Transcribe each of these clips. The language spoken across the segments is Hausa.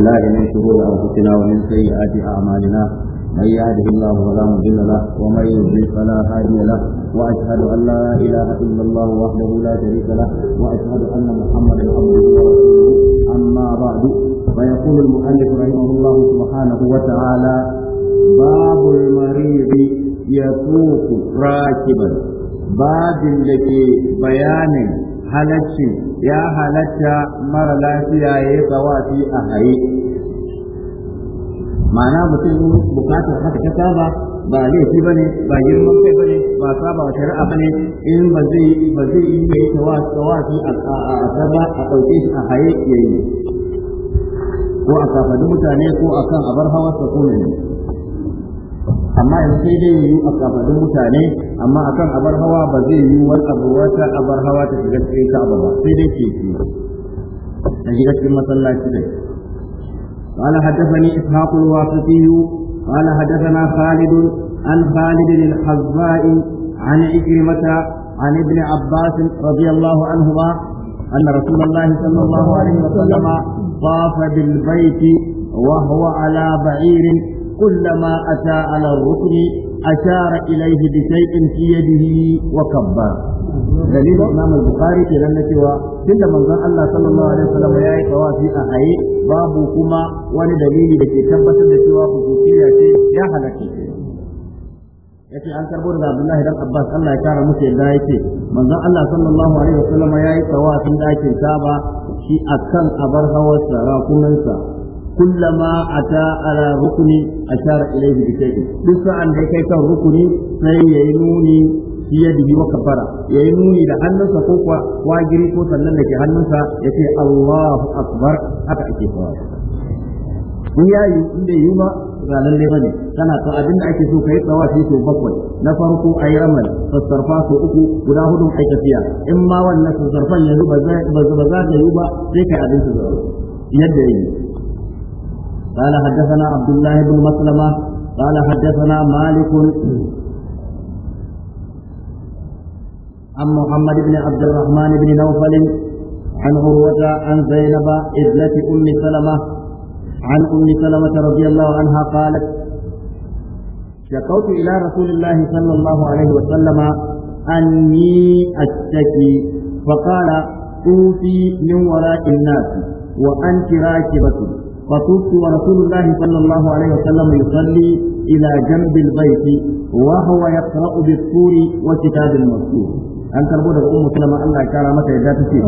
الله من شرور أنفسنا ومن سيئات أعمالنا من يهده الله فلا مضل له ومن يضلل فلا هادي له وأشهد أن لا إله إلا الله وحده لا شريك له وأشهد أن محمدا عبده ورسوله أما بعد فيقول المؤلف رحمه الله سبحانه وتعالى باب المريض يسوق راكبا باب الذي بيان halacci ya halatta mara lafiya ya yi tsawafi a haye ma'ana mutum bukatar haka ta saba ba laifi ba ne ba girman kai ba ne ba saba wa shari'a ba ne in ba zai ba zai yi mai tsawafi a saba a ɗauke shi a haye ya yi ko a kafadin mutane ko a kan abar hawa ta ko ne amma in sai dai yi a kafadin mutane amma akan abar hawa ba zai yi wani abu wata abar hawa ta shiga cikin ka'aba ba sai dai ke ki ta shiga cikin masallaci da قال حدثني إسحاق الواسطي قال حدثنا خالد عن خالد الحذاء عن عكرمة عن ابن عباس رضي الله عنهما أن رسول الله صلى الله عليه وسلم طاف بالبيت وهو على بعير كلما أتى على الركن أشار إليه بشيء في يده وكبر دليل الإمام البخاري في رنة كل من ظن الله صلى الله عليه وسلم يا في أحيي باب كما ولدليل dalili da ke tabbatar da cewa hususiyya ce yace an karbo daga Abdullahi dan Abbas Allah ya kara musu yadda yake manzo Allah sallallahu alaihi wasallam yayi tawafin dakin Kaaba shi akan abar hawar sarakunansa كلما أتى على ركن أشار إليه بشيء لسا عن ذلك kai سيئنوني biyadihi wa kafara yayi nuni da hannunsa ko kuwa wagiri ko sannan da ke hannunsa yace Allahu akbar haka ake fara in yayi in bai yi ma ga lalle bane kana ta abin da ake so kai tsawafi to bakwai na farko ayi ramal fasarfa so uku guda hudu ai in ma wannan fasarfan yanzu ba za za yi sai kai yadda قال حدثنا عبد الله بن مسلمة قال حدثنا مالك عن محمد بن عبد الرحمن بن نوفل عن عروة عن زينب ابنة أم سلمة عن أم سلمة رضي الله عنها قالت شكوت إلى رسول الله صلى الله عليه وسلم أني أشتكي فقال أوفي من وراء الناس وأنت راكبة فطفت ورسول الله صلى الله عليه وسلم يصلي إلى جنب البيت وهو يقرأ بالطور وكتاب المذكور an karbo daga ummu sallama Allah ya kara mata yadda take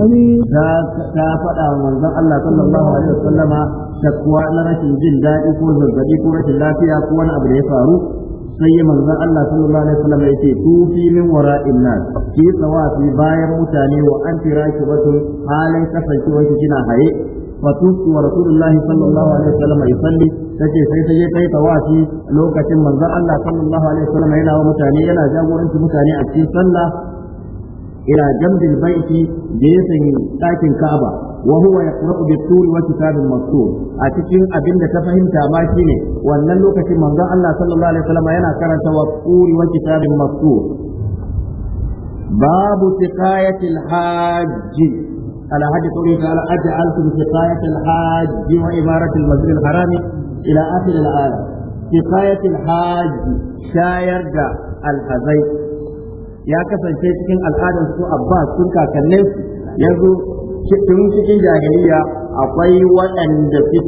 ta ta faɗa wa manzon Allah sallallahu alaihi wasallama takwa na rashin jin daɗi ko zazzabi ko rashin lafiya ko wani abu da ya faru sai manzon Allah sallallahu alaihi wasallam yake tufi min wara'in nas ki tsawafi bayan mutane wa anti rakibatun halin kasancewar kina haye fatustu wa rasulullahi sallallahu alaihi wasallam yusalli tace sai ta je kai tawafi lokacin manzon Allah sallallahu alaihi wasallam yana wa mutane yana jagoranci mutane a cikin sallah ila jambil baiti gefen dakin Ka'aba wa huwa yaqra'u bit-tur wa kitabin mastur a cikin abinda ta fahimta ma ne, wannan lokacin manzon Allah sallallahu alaihi wasallam yana karanta wa tur kitabin babu tiqayatil hajji على حد قوله تعالى أجعلتم سقاية الحاج وإمارة المسجد الحرام إلى آخر الآية سقاية الحاج شاير الحزين يا كسر شيء cikin al'adar su Abbas sun kakanne yanzu tun cikin jahiliya akwai waɗanda suke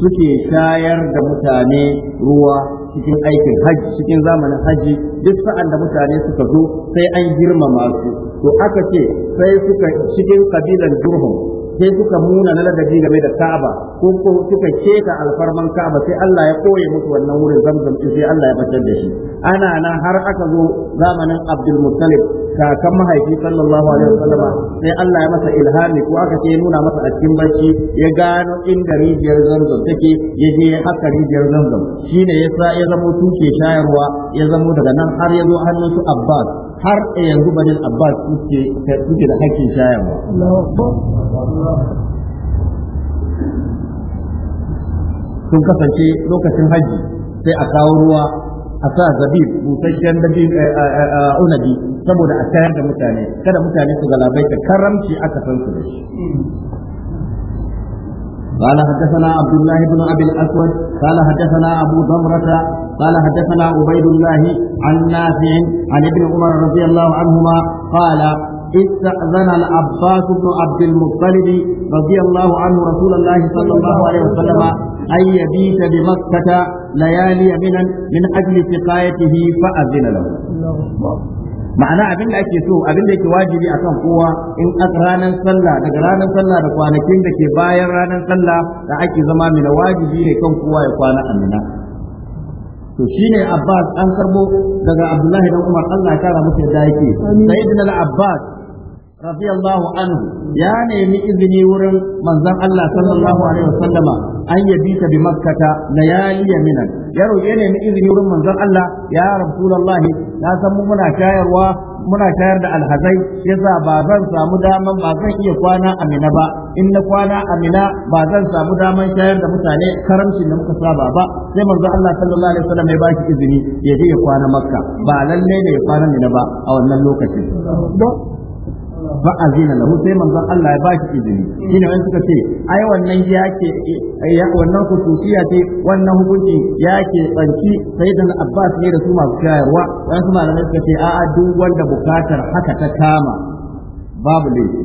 suke shayar da mutane ruwa cikin aikin hajji cikin zamanin hajji duk sa'an da mutane suka zo sai an girmama su to aka ce sai suka cikin kabilan durhum sai suka muna na ladabi game da Ka'aba ko ko suka keta alfarman Ka'aba sai Allah ya koye musu wannan wurin Zamzam din sai Allah ya bacar da shi ana nan har aka zo zamanin Abdul Muttalib kakan mahaifi sallallahu alaihi wasallama sai Allah ya masa ilhami ko aka ce nuna masa a cikin barci ya gano inda rijiyar Zamzam take ya je haka rijiyar Zamzam shine yasa ya zamo tuke shayarwa ya zamo daga nan har ya zo hannun su Abbas har yanzu banin abbas suke suke da hakkin shayarwa sun kasance lokacin hajji sai a kawo ruwa a sa zabi busasshen dabi eh, eh, eh, unabi saboda a shayar da mutane kada mutane su galabai ta karamci aka san su da shi قال حدثنا عبد الله بن ابي الاسود قال حدثنا ابو ضمرة قال حدثنا عبيد الله عن نافع عن ابن عمر رضي الله عنهما قال استأذن العباس بن عبد المطلب رضي الله عنه رسول الله صلى الله عليه وسلم أن يبيت بمكة ليالي من من أجل سقايته فأذن له. ma'ana abin da ake so abin da yake wajibi a kan kowa in ranar sallah daga ranar sallah da kwanakin da ke bayan ranar sallah da ake zama mina wajibi ne kan kowa ya kwana amina to shine Abbas an karbo daga Abdullahi dan Umar Allah ya kara musu yadda yake sayyidina Abbas radiyallahu anhu ya nemi izini wurin manzon Allah sallallahu alaihi wasallama an yabi ta bi makkata layali minan ya roƙe nemi izini wurin manzon Allah ya rasulullahi na san mu muna shayarwa muna tayar da alhazai yasa ba zan samu daman ba zan iya kwana a amina ba in na kwana a amina ba zan samu daman tayar da mutane karamcin da muka saba ba sai manzo Allah sallallahu alaihi wasallam ya ba shi izini ya je ya kwana makka ba lalle ne ya kwana amina ba a wannan lokacin fa azina lahu sai manzon Allah ya bashi izini shine wani suka ce ai wannan yake eh, ya wannan kususiya ce wannan hukunci yake tsanci sai dan Abbas ne da su masu shayarwa wani su malamai suka ce a'a duk wanda bukatar haka ta kama babu laifi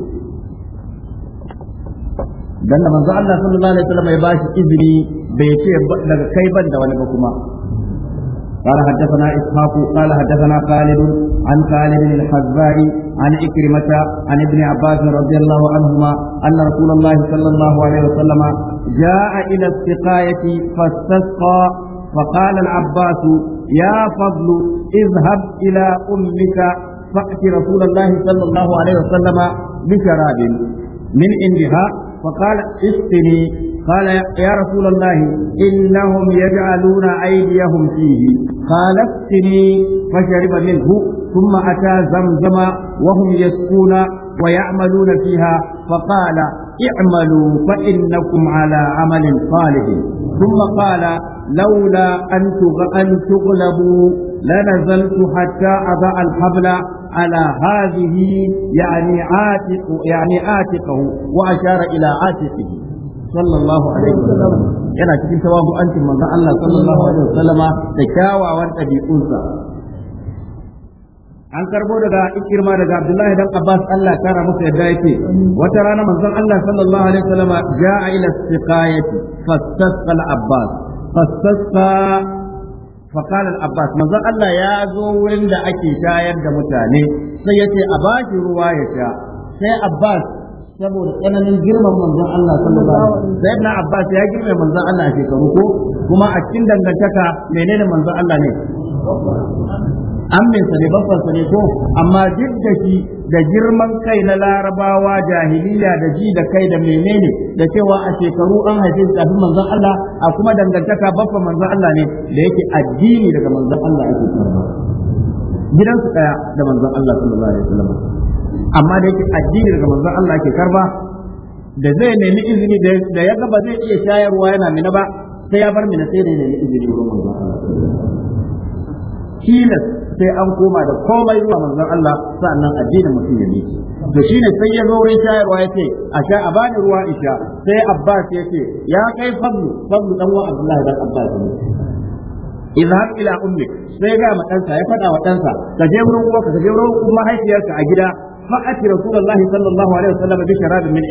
dan da manzo Allah sallallahu alaihi wasallam ya bashi izini bai ce daga kai ban da wani ba kuma قال حدثنا إسحاق قال حدثنا خالد عن خالد الحذاء عن إكرمة عن ابن عباس رضي الله عنهما أن رسول الله صلى الله عليه وسلم جاء إلى السقاية فاستسقى فقال العباس يا فضل اذهب إلى أمك فأت رسول الله صلى الله عليه وسلم بشراب من عندها فقال اسقني قال يا رسول الله إنهم يجعلون أيديهم فيه قال اسقني فشرب منه ثم أتى زمزم وهم يسقون ويعملون فيها فقال اعملوا فإنكم على عمل صالح ثم قال لولا أن تغلبوا لنزلت حتى أضع الحبل على هذه يعني عاتق يعني عاتقه وأشار إلى عاتقه sallallahu alaihi wasallam yana cikin tawabu'ancin manzon Allah sallallahu alaihi wasallam da kyawawan ɗabi'unsa an karbo daga ikirma daga Abdullahi dan Abbas Allah kara masa yadda yake wata rana manzon Allah sallallahu alaihi wasallam ja'a ila istiqayati fastasqa al-Abbas fastasqa فقال العباس من ذا الله يا زورين أكي شاير دا متاني سيتي أباش رواية sai Abbas saboda tsananin girman manzon Allah sallallahu alaihi wasallam Abbas ya girme manzon Allah a shekaru ko kuma a cikin dangantaka menene manzon Allah ne amminsa ne babbansa ne ko amma duk da shi da girman kai na larabawa jahiliya da ji da kai da menene da cewa a shekaru an haife shi kafin manzon Allah a kuma dangantaka babban manzon Allah ne da yake addini daga manzon Allah yake gidansu daya da manzon Allah sallallahu alaihi wasallam amma da yake addini daga manzon Allah ke karba da zai nemi izini da ya ga ba zai iya shayarwa yana mina ba sai ya bar mina sai da nemi izini wurin manzon Allah kila sai an koma da komai zuwa manzon Allah sannan addinin mutum ya miki to shine sai ya zo wurin shayarwa yace a sha a bani ruwa isha sai Abbas yace ya kai fadlu fadlu dan wa Abdullahi dan Abbas ne idhab ila ummi sai ga matansa ya fada wa ɗansa ka je wurin uwarka ka je wurin mahaifiyarka a gida فأتي rasulullahi الله صلى الله عليه وسلم بشراب من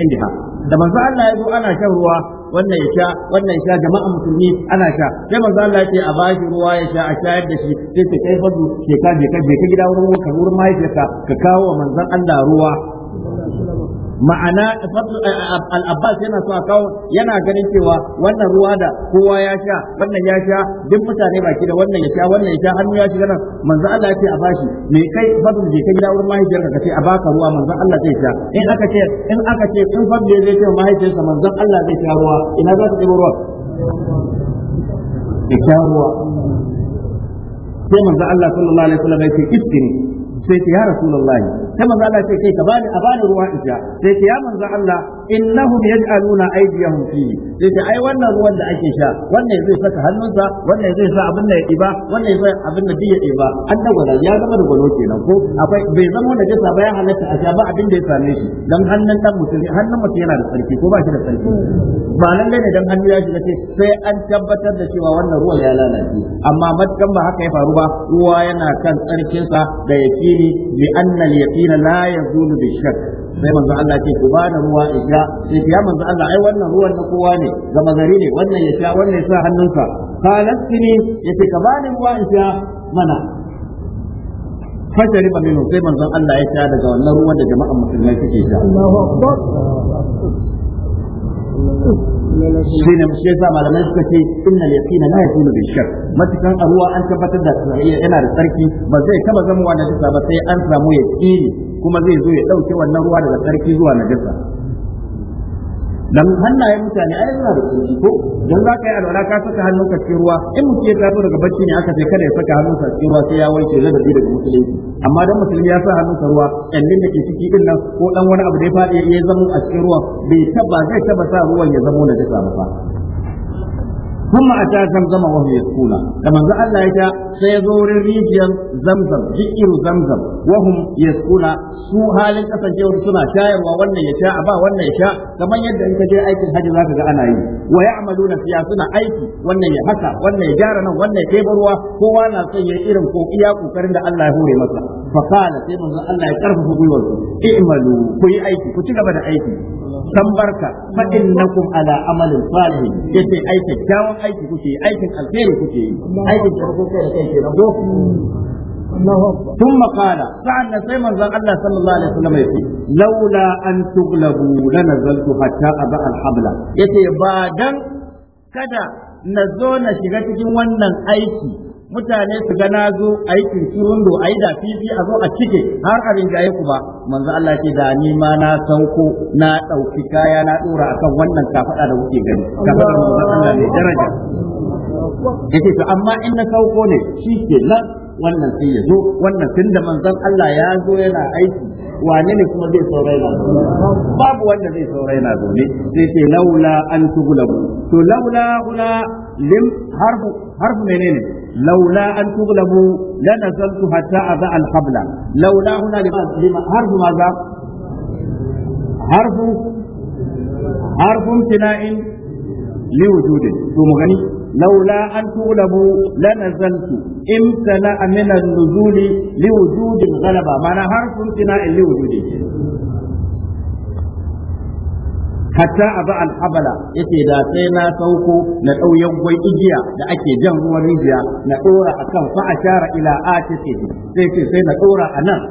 da manzo Allah ya zo ana shan ruwa wannan ya sha wannan ya sha jama'a musulmi ana sha sai manzo Allah ya ce a bashi ruwa ya sha a shayar da shi sai ce kai fazu je ka je ka je ka gida wurin wurin mahaifiyarka ka kawo manzon Allah ruwa ma'ana eh, eh, al-abbas yana so a kawo yana ganin cewa wannan ruwa da kowa ya sha wannan ya sha duk mutane baki da wannan ya sha wannan ya sha hannu ya shiga nan manzo Allah ya ce a bashi me kai babu je kai wurin mahaifiyar ka ce a baka ruwa manzo Allah zai sha in aka ce in aka ce in fadl zai ce mahaifiyarsa manzo Allah zai sha ruwa ina za ta dibo ruwa ya sha ruwa sai manzo Allah sallallahu alaihi wasallam ya ce istini sai ta ya rasulullahi sai manzo Allah ce kai ka bani a bani ruwa in sha sai ce ya manzo Allah innahum yaj'aluna aydiyahum fi sai ai wannan ruwan da ake sha wannan zai saka hannunsa wannan zai sa abin da ya ba, wannan zai abin da ya ɗiba an da gwada ya zama da gwado kenan ko akwai bai zama wanda jasa ba ya halatta a sha ba abin da ya same shi dan hannun dan mutum hannun mutum yana da tsarki ko ba shi da tsarki ba nan ne dan hannu ya shiga ce sai an tabbatar da cewa wannan ruwan ya lalace amma matkan ba haka ya faru ba ruwa yana kan tsarkinsa da yakini bi anna al-yaqina la yazulu bi shakk sai manzo Allah ce ku bada ruwa in sai ya manzo Allah ai wannan ruwan na kowa ne gama gari ne wannan ya sha wannan ya sa hannunsa qalat yace ka bani ruwa in mana fashari ba minu sai manzo Allah ya sha daga wannan ruwan da jama'an musulmai suke sha Allahu akbar shi ne shi yasa malamai suka ce innal yaqina la yakunu bil shakk matakan ruwa an tabbatar da yana da tsarki ba zai taba zama wa najasa ba sai an samu yaqini kuma zai zo ya dauke wannan ruwa daga tsarki zuwa najasa dan hannaye mutane ai suna da kunci ko dan za ka yi alwala ka saka hannun ka cikin ruwa in mutum ya tafi daga bacci ne aka ce kada ya saka hannun sa cikin ruwa sai ya wanke zai dabi daga musulunci amma dan musulmi ya sa hannun sa ruwa ɗannin da ke ciki din nan ko dan wani abu da ya faɗi ya zamo a cikin ruwa bai taba zai taba sa ruwan ya zamo na jasa ba ثم أتى زمزم وهو يسكون لما زعل الله سيزور ريجيا زمزم جئر زمزم وهم يسكون su halin kasancewar suna shayarwa wannan ya sha ba wannan ya sha kamar yadda in je aikin hajji zata ga ana yi wa ya'maluna suna aiki wannan ya haka wannan ya gyara nan wannan ya ɗebo ruwa kowa na son ya irin ko iya kokarin da Allah ya hore masa fa qala sai manzo Allah ya karfafa gwiwar ku i'malu ku yi aiki ku ci gaba da aiki san barka fa innakum ala amalin salih yace ai kyakkyawan aiki kuke yi aikin alheri kuke yi aikin farko kai da kai kenan ko ثم قال فعلنا سيما زال الله صلى الله عليه وسلم يقول لولا أن hatta لنزلت حتى Ya الحبل يتي بعدا كذا na zo na shiga cikin wannan aiki mutane su gana zo a yi kirkirundo a yi dafifi a zo a cike har abin jaye ku ba manzo Allah ce da ni ma na sauko na ɗauki kaya na ɗora akan wannan kafaɗa da kuke gani da manzo Allah ne daraja yake to amma in na sauko ne shi ke nan wannan sai ya zo wannan tun da manzon Allah ya zo yana aiki wane ne kuma zai saurayi sauraina babu wanda zai saurayi zo ne sai ce laula an tugulabu to laula kula lim harfu harfu menene لولا أن تغلبوا لنزلت حتى أضع القبلة لولا هنا لما حرف ماذا حرف حرف امتناع لوجوده ثم غني لولا أن تغلبوا لنزلت امتنع من النزول لوجود الغلبة معنى حرف امتناع لوجوده hatta a ba alhabala yake da sai na sauko na ɗauyen gwai igiya da ake jan ruwan rijiya na ɗora a kan fa'ashara ila ce, sai ce sai na ɗora a nan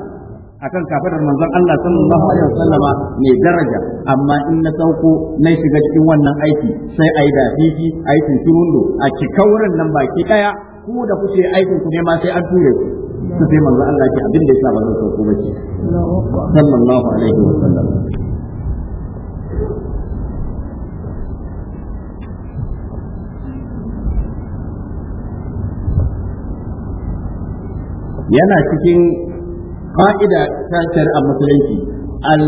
akan kafadar manzon Allah sallallahu alaihi wasallama mai daraja amma in na sauko na shiga cikin wannan aiki sai yi da fifi ayi tuntunundo a wurin nan baki daya ku da kuke aikin ku ne ma sai an ture ku su sai manzon Allah ke abin da ya ba zan sauko ba ce sallallahu alaihi wasallam yana cikin fa'ida ta shari'ar musulunci al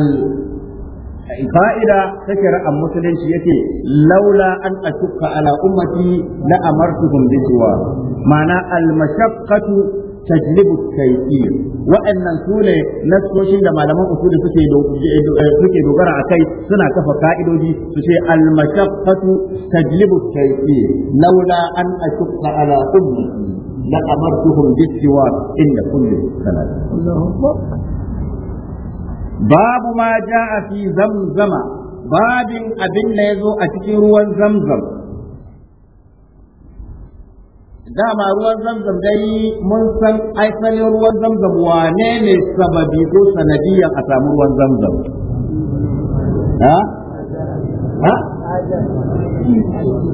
fa'ida ta shari'ar musulunci yake laula an ashukka ala ummati na amartuhum bi siwa ma'ana al mashaqqatu tajlibu tayyib wa'annan sune nasoshin da malaman usuli suke suke dogara kai suna kafa ka'idoji su ce al mashaqqatu tajlibu tayyib laula an ashukka ala ummati لأمرتهم بالسواك عند كل صلاة الله أكبر باب ما جاء في زمزم باب أبن يزو أتكي روان زمزم dama ruwan zamzam dai mun san asalin ruwan zamzam wane ne sababi ko sanadiyya a samu ruwan zamzam ha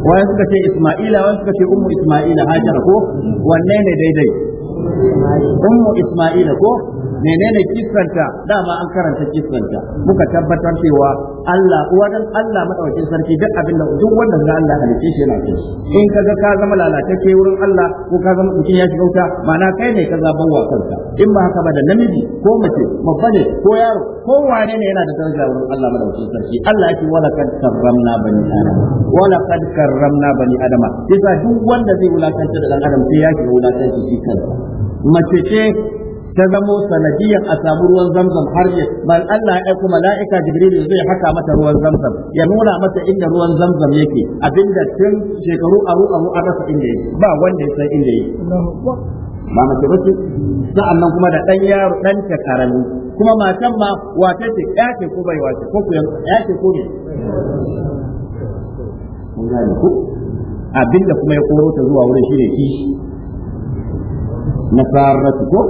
wani suka ce Isma'ila wani suka ce ummu Isma'ila Hajara ko wanne ne daidai ummu Isma'ila ko menene kisanta dama an karanta kisanta muka tabbatar cewa Allah uwan Allah madaukakin sarki duk abin da duk wanda ga Allah halice shi yana kai in kaga ka zama lalatacce wurin Allah ko ka zama mutum ya shiga wuta ma'ana kai ne ka zaban wa kanka in ba haka ba da namiji ko mace babba ne ko yaro ko wane ne yana da daraja wurin Allah madaukakin sarki Allah ya ce wala kad karramna bani adam wala kad karramna bani adama yasa duk wanda zai wulakanta da dan adam sai ya shiga wulakanta shi kansa mace ce ta zamo sanadiyar a samu ruwan zamzam har ne, man Allah ya kuma mala'ika jibril zai haka mata ruwan zamzam ya nuna mata inda ruwan zamzam yake abinda tun shekaru aru aru an rasa inda yake ba wanda ya san inda yake ba mace ba ce sa'annan kuma da dan yaro dan ta karami kuma matan ma wace ce ya ce ko bai wace ko ku ya ce ko ne abinda kuma ya koro ta zuwa wurin shi ne kishi nasaratu ko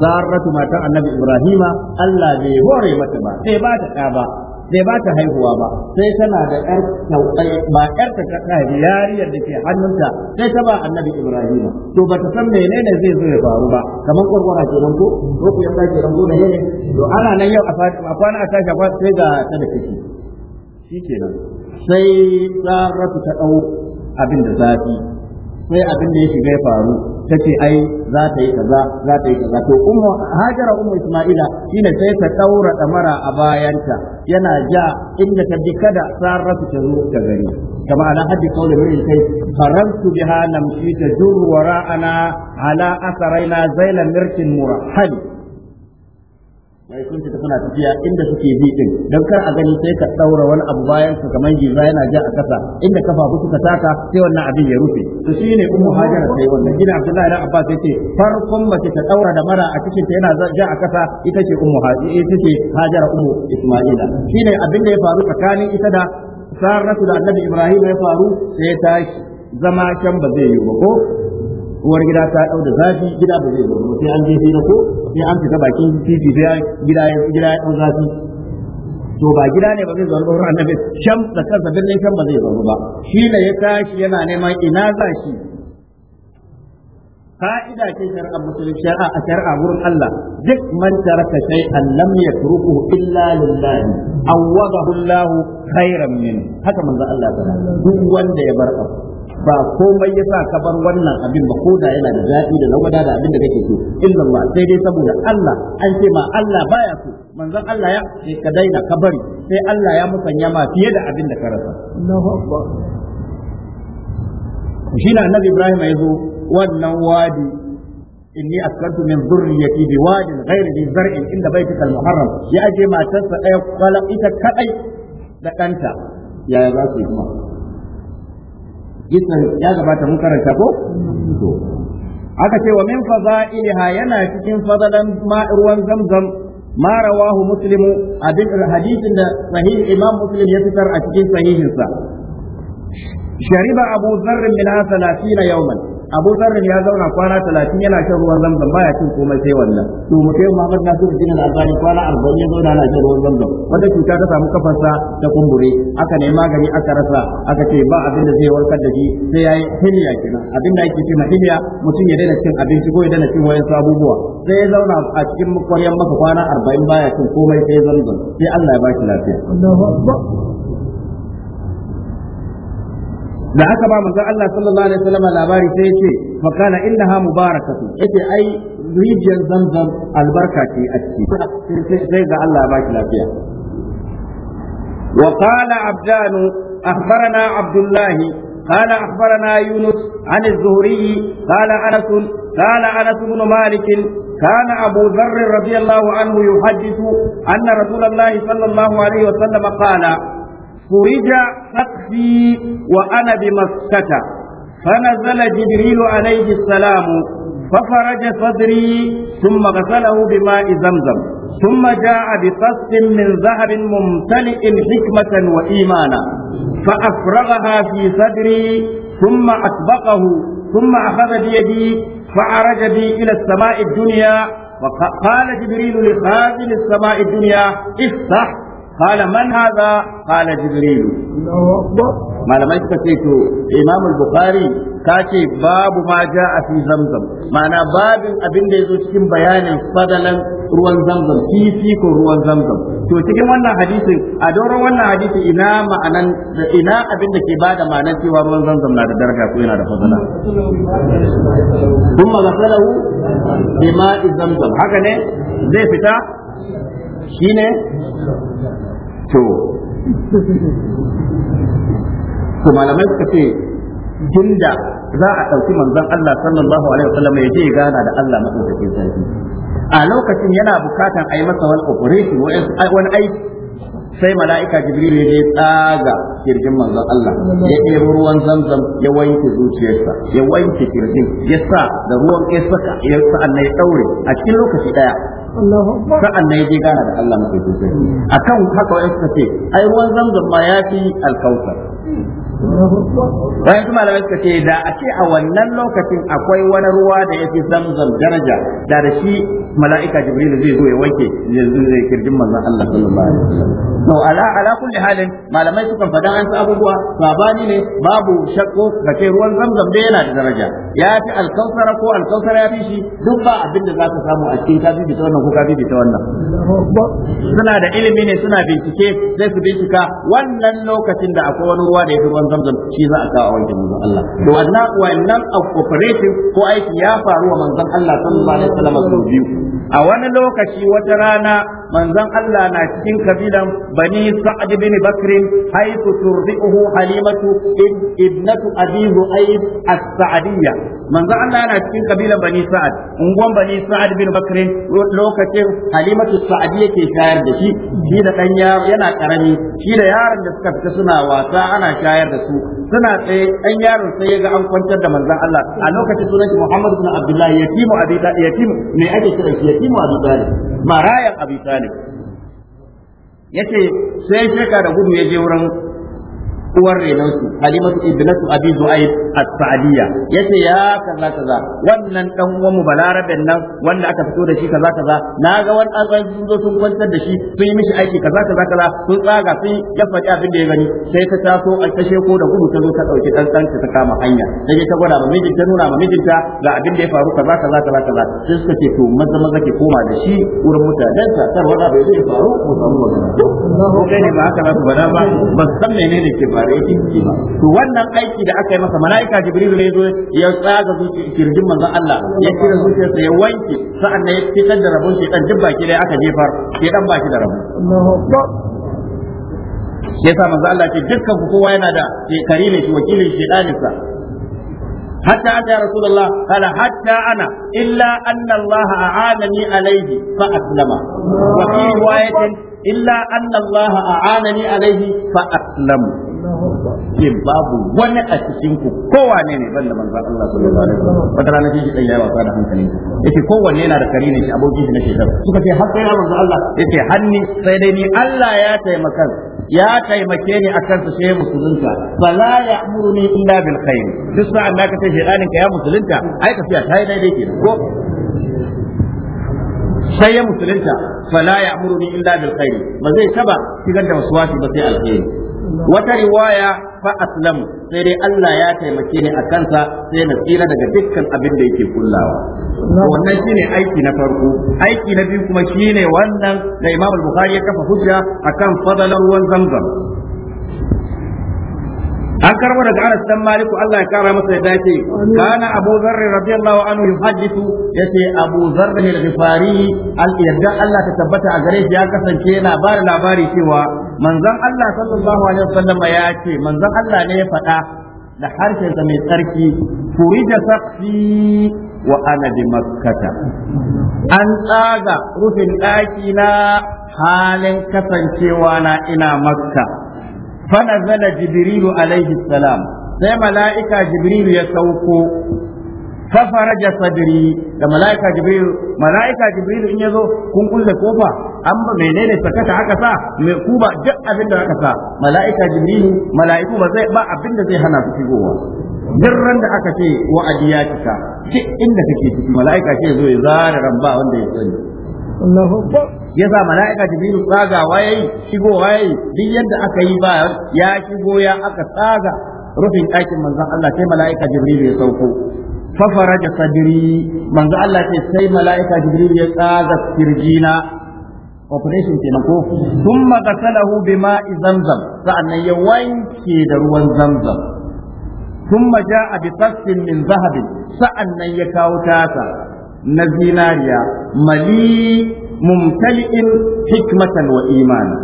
zarratu matan annabi ibrahima Allah bai hore mata ba sai ba ta ɗa ba bai ba ta haihuwa ba sai tana da ƴar ba ƴar ta ta yariyar da ke hannunta sai ta ba annabi ibrahima to ba ta san menene zai zo ya faru ba kamar kwarkwara kenan ko ko ku ke kenan ko da yene to ana nan yau a kwana a tashi a sai ga ta da kici shikenan sai zarratu ta ɗau abin da zafi sai abin da ya shiga ya faru ta ce ai za ta yi kaza za ta yi kaza to ummu hajara ummu isma'ila shine sai ta daura damara a bayanta yana ja inda ta ji kada sarrafa ta zo ta gani kama ala haddi qawli rayyi kai farantu biha namshi tajur wara'ana ala asaraina zailan mirkin murahali mai kun ta suna tafiya inda suke bi din don kar a gani sai ka daura wani abu bayan ka kamar giza yana ja a kasa inda kafa ku suka taka sai wannan abin ya rufe to shine ummu hajara sai wannan gina abdullahi da abbas yace farkon mace ta daura da mara a cikin ta yana ja a kasa ita ce ummu hajara ita ce hajara ummu isma'ila shine abin da ya faru tsakanin ita da sarratu da annabi ibrahim ya faru sai ya tashi zama can ba zai yi ba ko uwar gida ta dau da zafi gida ba zai yi ba sai an je hira ko sai an fita bakin titi sai gida ya gida ya ɗan zafi to ba gida ne ba zai zaune wurin annabi sham da kansa birnin sham ba zai zo ba shi ne ya tashi yana neman ina za shi ka'ida ce shari'a musulunci shari'a a shari'a wurin Allah duk man taraka shay'an lam yatruku illa lillahi awwadahu Allah khairan min haka manzo Allah ta duk wanda ya bar abu ba komai ya sa ka bar wannan abin ba ko da yana da zaɓi da lawada da abin da kake so illa Allah sai dai saboda Allah an ce ma Allah baya so manzon Allah ya sai ka daina ka bari sai Allah ya musanya ma fiye da abin da ka rasa Allahu akbar shi annabi Ibrahim ya zo wannan wadi inni askantu min dhurriyyati bi wadin ghairi bi zar'in inda baitikal muharram ya ajiye matarsa ɗaya kwala ita kadai da ɗanta yaya za su yi kuma gisan ya gabata mun karanta ko aka ce wa min fadailiha yana cikin fadalan ma ruwan zamzam ma rawahu muslimu abin hadisin da sahih imam muslim ya fitar a cikin sahihinsa shariba abu zarrin min ha 30 yawman abu sarrin ya zauna kwana talatin yana shan ruwan zamzam baya cin komai sai wannan to kai muhammad nasir din al-albani kwana arba'in ya zauna yana shan ruwan zamzam wanda cuta ta samu kafarsa ta kumbure aka nemi magani aka rasa aka ce ba abin da zai warkar da shi sai yayi hiliya kenan abin da ake cin hiliya mutum ya daina cin abinci ko ya daina cin wayan abubuwa sai ya zauna a cikin kwaryan masa kwana arba'in baya cin komai sai zamzam sai Allah ya lafiya Allahu lafiya da aka ba manzon Allah sallallahu alaihi wasallam labari sai yace fa kana innaha mubarakatu yace ai rijiyar zamzam albarka ce a ciki sai ga Allah ya baki lafiya wa qala abdanu akhbarana abdullah قال أخبرنا يونس عن الزهري قال أنس قال أنس بن مالك كان أبو ذر رضي الله عنه يحدث أن رسول الله صلى الله عليه وسلم قال فرج سقفي وأنا بمسكه فنزل جبريل عليه السلام ففرج صدري ثم غسله بماء زمزم ثم جاء بقص من ذهب ممتلئ حكمة وإيمانا فأفرغها في صدري ثم أطبقه ثم أخذ بيدي فعرج بي إلى السماء الدنيا وقال جبريل لخادم السماء الدنيا افتح قال من هذا قال جبريل malamai suka ce to imam al bukhari ta ce babu ma ja a fi zamzam ma'ana babin abin da ya zo cikin bayanin fadalan ruwan zamzam kifi ko ruwan zamzam to cikin wannan hadisin a doron wannan hadisi ina ma'anan ina abin da ke bada ma'anar cewa ruwan zamzam na da daraja ko yana da fadala kuma gasalahu bima zamzam haka ne zai fita shine to su malamai suka ce jinda za a ɗauki manzon Allah sallallahu alaihi wasallam ya je gana da Allah madaukakin sarki a lokacin yana bukatan a yi masa wani operation wani aiki sai mala'ika jibril ya tsaga kirjin manzon Allah ya ɗebo ruwan zamzam ya wanke zuciyarsa ya wanke kirjin ya sa da ruwan ya saka ya sa'an ya ɗaure a cikin lokaci ɗaya sa'an nan yaje gana da Allah mafi sosai akan haka wai suka ce ai ruwan zamzam ma yafi alkautar Bayan su malamai suka ce da a ce a wannan lokacin akwai wani ruwa da ya fi zamzam daraja da da shi mala'ika Jibrilu zai zo ya wanke yanzu zai kirjin manzon Allah sallallahu alaihi wasallam. To ala ala kulli halin malamai sukan faɗa an sa abubuwa sabani ne babu shakko da ce ruwan zamzam da yana da daraja ya fi alkausara ko alkausara ya fi shi duk ba abin da za ka samu a cikin kafi ta wannan ko kafi ta wannan. Suna da ilimi ne suna bincike zai su bincika wannan lokacin da akwai wani ruwa da ya fi ruwan zamzam shi za a kawo a wanke manzon Allah to wannan wannan cooperative ko aiki ya faru wa manzon Allah sallallahu alaihi wasallam biyu a wani lokaci wata rana manzon Allah na cikin kabilan bani sa'ad bin bakr haythu turdihu halimatu ibnatu Abihu, ru'ayb as-sa'diyya manzon Allah na cikin kabilan bani sa'ad ungon bani sa'ad bin bakr lokacin halimatu sa'diyya ke shayar da shi shi da dan yana karami shi da yaron da suka fita suna wasa ana shayar da su suna tsaye dan yaron sai ya ga an kwantar da manzon Allah a lokacin sunan Muhammad bin Abdullah yatimu abi yatimu me ake kira shi ibnu abi talib marayan abi talib yace sai shekara da gudu ya je wurin uwar su halimatu ibnatu abi zu'aib as-sa'diyya yace ya kaza kaza wannan dan uwan mu balaraben nan wanda aka fito da shi kaza kaza naga wani an sun zo sun kwantar da shi sun yi mishi aiki kaza kaza kaza sun tsaga sun ya faɗi abin da ya gani sai ta taso a kashe ko da gudu ta zo ta dauki dan dan ta kama hanya sai ta gwada ma mijinta nuna ma ta ga abin da ya faru kaza kaza kaza kaza sai suka ce to maza maza ke koma da shi wurin mutanen Ta kar wani abu ya faru mu samu ko kai ne ba haka za su ba ba san menene ke faru da yake ciki ba to wannan aiki da aka yi masa malaika jibril ne zo ya tsaga zuciyar kirjin manzon Allah ya kira zuciyarsa ya wanke sa'annan ya fitar da rabon shedan baki da aka jefar shedan baki da rabon sa manzo Allah ce dukkan ku kowa yana da shekari shi wakilin shedaninsa حتى أتى رسول الله قال حتى أنا إلا أن الله أعانني عليه فأسلم وفي رواية إلا أن الله أعانني عليه فأسلم yin babu wani a cikin ku kowane ne banda manzon Allah sallallahu alaihi wasallam wata rana shi dan ya wasa da hankali yace kowanne yana da kari ne shi aboki shi na shekar suka ce har sai manzon Allah yace hanni sai dai ni Allah ya taimaka ya taimake ni akan su sai musulunta fala ya'muruni illa bil khair duk sa'an da ka ce shedanin ka ya musulunta ai tafiya ta yi daidai ke ko sai ya musulunta fala ya'muruni illa bil khair ba zai taba shigar da wasu wasu ba sai alheri wata riwaya fa aslamu sai dai Allah ya taimake ni a kansa sai na tsira daga dukkan abin da yake kullawa wannan shine aiki na farko aiki na biyu kuma shine wannan da Imam Bukhari ya kafa hujja akan fadalan ruwan Zamzam an karbo daga Anas dan Maliku Allah ya kara masa yadda yake kana Abu Dharr radiyallahu anhu yuhaddithu yace Abu Dharr al-Ghifari al-yarda Allah ta tabbata a gare shi ya kasance yana ba da labari cewa manzon Allah sallallahu alaihi wasallam ya ce manzon Allah ne ya faɗa da harshen sa mai tsarki furija saqfi wa ana bi makkata an tsaga rufin ɗaki na halin kasancewa na ina makka فنزل جبريل عليه السلام sai mala'ika jibril ya sauko faraja sadri da mala'ika jibril mala'ika jibril in yazo kun kulle kofa an ba menene sakata aka sa me ku ba duk abin da sa mala'ika jibril mala'iku ba zai zai hana su shigowa duk ran da aka ce wa'adi ya cika duk inda kake ciki mala'ika ce zo ya zara ran wanda ya sani Allahu Akbar yasa mala'ika jibril tsaga yayi shigowa yayi duk yadda aka yi ba ya shigo ya aka tsaga rufin ɗakin manzon Allah sai mala'ika jibril ya sauko fafara da sadiri manzo Allah ce sai mala'ika jibril ya tsaga kirjina operation kenan ko thumma qasalahu bima zamzam sa'annan ya wanke da ruwan zamzam thumma ja'a bi qassin min zahabin sa'annan ya kawo tasa na zinariya mali mumtali'in hikmatan wa imana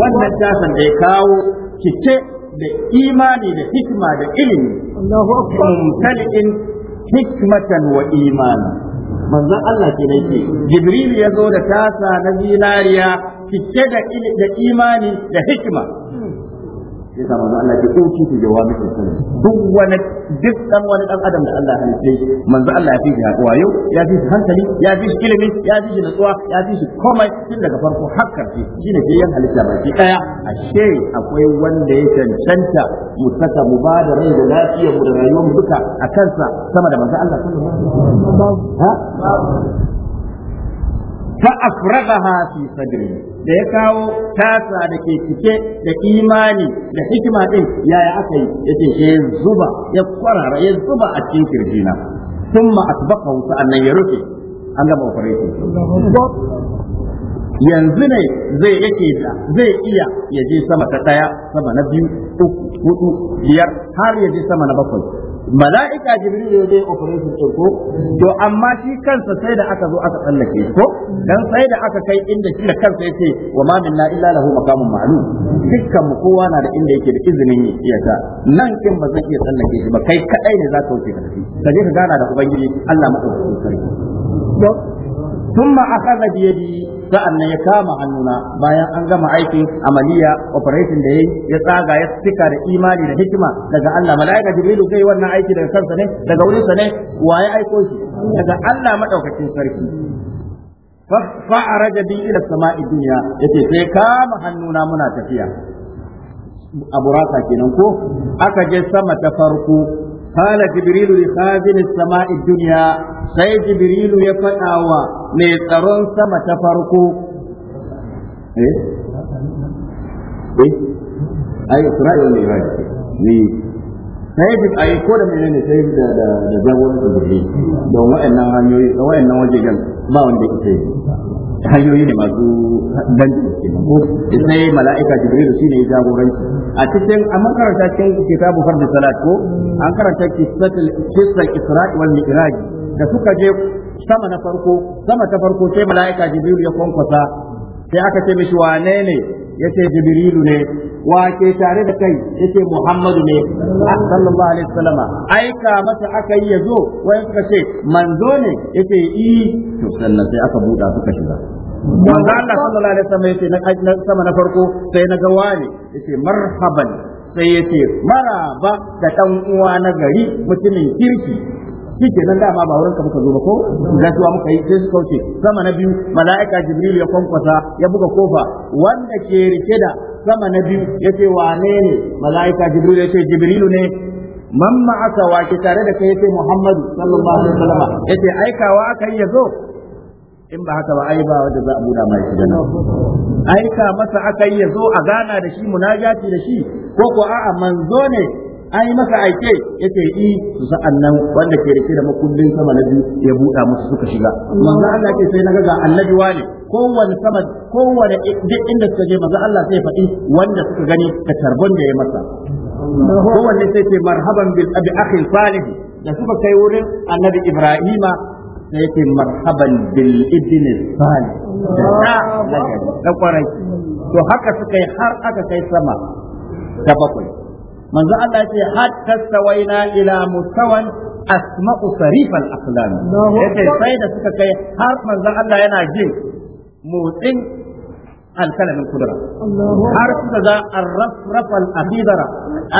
wannan tasan da ya kawo cike da imani da hikma da ilimi mumtali'in hikmatan wa imana manzon Allah ke da yake jibril ya zo da tasa na zinariya cike da imani da hikma ya samu mu Allah ke ɗauki su jawabi su duk wani duk dan wani ɗan adam da Allah ya halice manzo Allah ya fi shi hakuwa yau ya fi shi hankali ya fi shi ilimi ya fi shi natsuwa ya fi shi komai tun daga farko har karshe shine ke yan halitta baki ɗaya. ashe akwai wanda ya cancanta mu saka mu ba da rai da lafiyar mu da rayuwar mu duka a kansa sama da manzo Allah sallallahu alaihi wasallam ha fa afragaha fi sadri da ya kawo tasa da ke cike da imani da hikima din yaya aka yi ce shi zuba ya kwarara ya zuba a cikin kirjina thumma asbaqahu annan ya rufe an gama operation yanzu ne zai yake da zai iya ya je sama ta daya sama na biyu uku hudu biyar har yaje sama na bakwai mala'ika jibril ya zai operation din ko to amma shi kansa sai da aka zo aka tsallake ko dan sai da aka kai inda shi da kansa yace wa ma minna illa lahu maqamun ma'lum dukkan mu kowa na da inda yake da izinin ya ta nan kin ba zai iya tsallake shi ba kai kadai ne za ka wuce ka je ka gana da ubangiji Allah madaukakin sarki akhadha bi yadi Sa'an sa'annan ya kama hannuna bayan an gama aikin amaliya operation da yayi ya tsaga ya tsika da imani da hikima daga Allah malaika jibrilu kai wannan aiki daga kansa ne daga wurinsa ne waye aiko shi daga Allah madaukakin sarki fa'araja bi ila sama'i dunya yace sai kama hannuna muna tafiya aburaka kenan ko aka je sama ta farko قال جبريل لخازن السماء الدنيا سيد جبريل faɗawa. mai tsaron sama ta farko eh eh ai Isra'ila ne Iraq ne sai da ai ko da menene sai da da da jagoran da ne don wa'annan hanyoyi da wa'annan wajejen ba wanda yake sai hanyoyi ne masu danci kenan ko sai mala'ika jibril shine ya jagoranci a cikin a makaranta cikin kitabu fardu salat ko an karanta kitabul kisra isra'i wal mi'raj da suka je sama na farko sama ta farko sai mala'ika jibril ya kwankwasa sai aka ce mishi wane ne yace jibrilu ne wa ke tare da kai yace muhammadu ne ah, sallallahu alaihi wasallam aika masa aka yi zo, wai suka ce manzo ne yace i to sannan sai aka buda suka shiga manzo Allah sallallahu alaihi wasallam yace na sama na farko sai na ga wani yace marhaban sai yace maraba da dan uwa na gari mutumin kirki shi ke nan dama ba wurinka muka zo ba ko gaskiya muka yi sai su kauce sama na biyu mala'ika jibril ya kwankwasa ya buga kofa wanda ke rike da sama na biyu ya ce wane ne mala'ika jibril ya ce jibrilu ne man ma'aka wake tare da kai ya ce muhammadu sallallahu alaihi wasallam ya ce aikawa aka yi ya zo in ba haka ba ai ba wanda za a buɗa mai shi da aika masa aka yi ya zo a gana da shi munajati da shi ko ko a'a manzo ne Ai yi masa aike ya yi su sa'an nan wanda ke rike da makullin sama na biyu ya buɗa musu suka shiga manzo Allah ke sai naga ga annabi wani. kowanne sama kowanne duk inda suka je manzo Allah sai faɗi wanda suka gani ka tarbon da ya masa kowanne sai ce marhaban bil abi akhi salih da suka kai wurin annabi Ibrahima sai ya ce marhaban bil ibn salih da da kwarai to haka suka yi har aka kai sama da bakwai manzo Allah ya ce hatta sawaina ila mustawan asma'u sarifal aqlam yace sai da suka kai har manzo Allah yana jin motsin alkalamin kudura har suka za arrafrafal afidara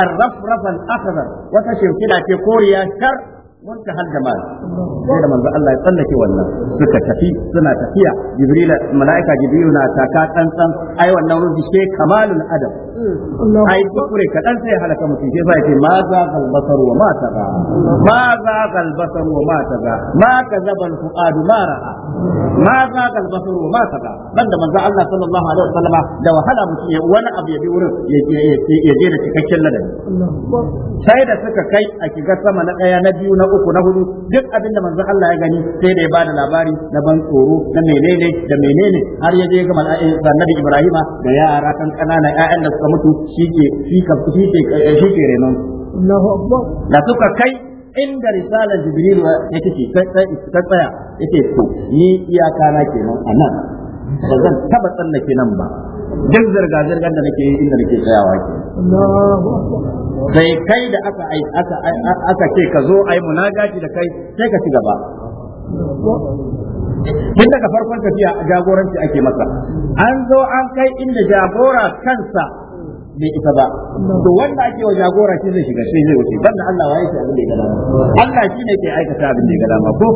arrafrafal akhdar wata shirkida ce koriya shar منتهى Sai da manzo Allah ya tsallake wannan suka tafi suna tafiya jibril malaika jibril na taka tsantsan ai wannan ruhi ce kamalul adam ai kufure kaɗan sai halaka mutum sai sai ce ma za gal basar wa ma taga ma za gal basar wa ma taga ma kazaba al fuadu ma ra'a ma za gal basar wa ma taga dan da manzo Allah sallallahu alaihi wasallama da wahala mutum ya wani abu ya bi wurin ya je da cikakken ladabi sai da suka kai a kiga sama na daya na biyu na uku na hudu duk abin da manzo Allah ya gani sai da ya bada labari na ban tsoro na menene da menene har ya je ga annabi Ibrahim da yara kan kanana ƴaƴan da suka mutu shi ke shi eh, ke renon da suka kai inda risalar jibril ya take ta tsaya yake to ni iyaka na kenan a nan ba zan taba tsallake nan ba duk zirga zirgar da nake yi inda nake tsayawa ke sai kai da aka aka ce ka zo ai munagaji da kai sai ka ci gaba Kin daga farkon tafiya jagoranci ake masa an zo an kai inda jagora kansa bai isa ba to wanda ake wa jagora shi zai shiga sai zai wuce banda Allah wa yake abin da ya dama Allah shi ne ke aikata abin da ya dama ko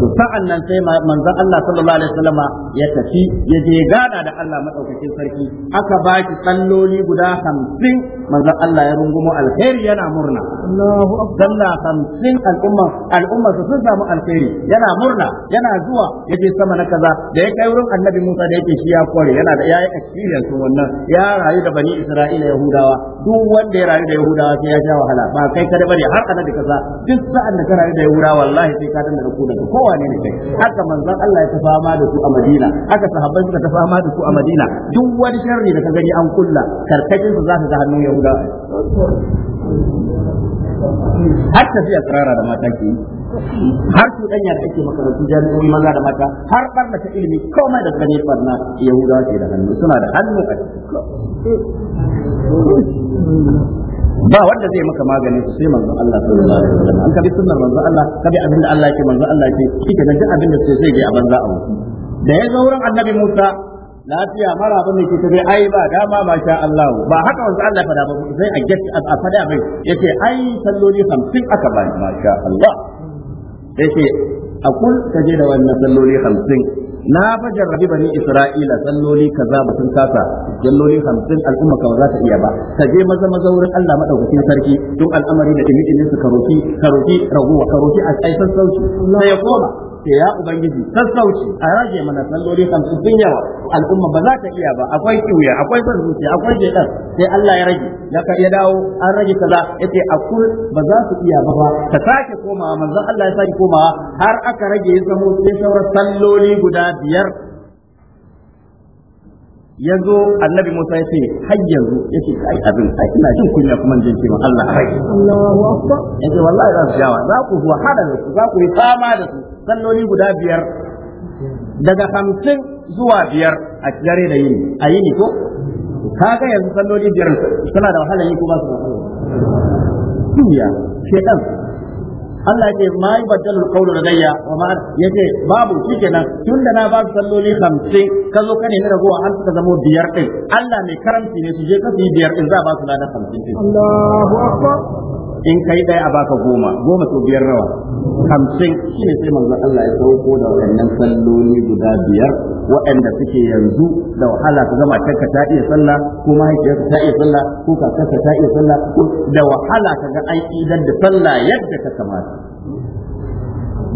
to sa'an nan sai manzon Allah sallallahu alaihi wasallam ya tafi ya je gada da Allah madaukakin sarki aka ba shi salloli guda 50 manzon Allah ya rungumo alkhairi yana murna Allahu akbar salla 50 al'umma al'umma su sun samu alkhairi yana murna yana zuwa ya je sama na kaza da ya kai wurin Annabi Musa da yake shi ya kware yana da ya yi experience wannan ya rayu da bani Isra'ila isra'ila yahudawa duk wanda ya rayu da yahudawa sai ya sha wahala ba kai kada bane har kana da kasa duk sa'an da ka rayu da yahudawa wallahi sai ka na ku da kowa ne kai haka manzon Allah ya ta fama da su a Madina haka sahabbai suka ta fama da su a Madina duk wani sharri da ka gani an kulla karkashin su zaka ga hannun yahudawa har tafiya tsirara da mata ke har cuɗanya da ake makarantu jami'o'i maza da mata har barna ta ilimi komai da gane barna yahudawa ke da hannu suna da hannu a cikin ba wanda zai maka magani sai manzon Allah sallallahu alaihi wasallam an kabi bi sunnar manzon Allah kabi bi abin da Allah yake manzon Allah yake kike nan duk abin da sai zai je a banza a wuce da ya zo wurin annabi Musa lafiya mara ban ne ke tafi ai ba dama ma sha Allah ba haka wanda Allah fada ba sai a gaci a fada mai yace ai salloli 50 aka ba ma sha Allah ce a kun kaje da wannan salloli 50 na fa jarrabi bani isra'ila salloli kaza batun sun kasa salloli 50 al'umma ka za ta iya ba ka je maza maza wurin Allah madaukakin sarki duk al'amari da dimi dimi su karoki karoki raguwa karoki a aisan sauki sai ya koma ce ya ubangiji sassauci a rage mana salloli su sun yawa al'umma ba za ta iya ba akwai kiwuya akwai son zuciya akwai shaitan sai Allah ya rage ya ka ya dawo an rage kaza yace akul ba za su iya ba ba ka sake komawa manzon Allah ya sake komawa har aka rage ya zamo sai sauran salloli guda biyar ya zo annabi Musa ya ce har yanzu ya ce ai abin ai ina jin kunya kuma jin ce Allah rai Allahu akbar ya ce wallahi za su jawa za ku hada da su za ku yi fama da su Sannoni guda biyar daga hamsin zuwa biyar a dare da yini a yini ko kaga yanzu sannoni biyar suna da wahala yi ko ba su da wahala Allah ya ce ma yi kaulu da ladayya wa ma ya ce babu shikenan da na ba su salloli 50 ka zo ka nemi ragowa har suka zama biyar din Allah mai karamci ne su je ka su yi biyar din za ba su lada 50 Allahu akbar in kai ɗaya a baka goma goma sau biyar rawa hamsin shi ne sai manzo Allah ya sauko da waɗannan salloli guda biyar waɗanda suke yanzu da wahala ka gama kanka ta iya sallah ko mahaifiyarka ta iya sallah ko kakarka ta iya sallah da wahala ka ga aiki da sallah yadda ka kamata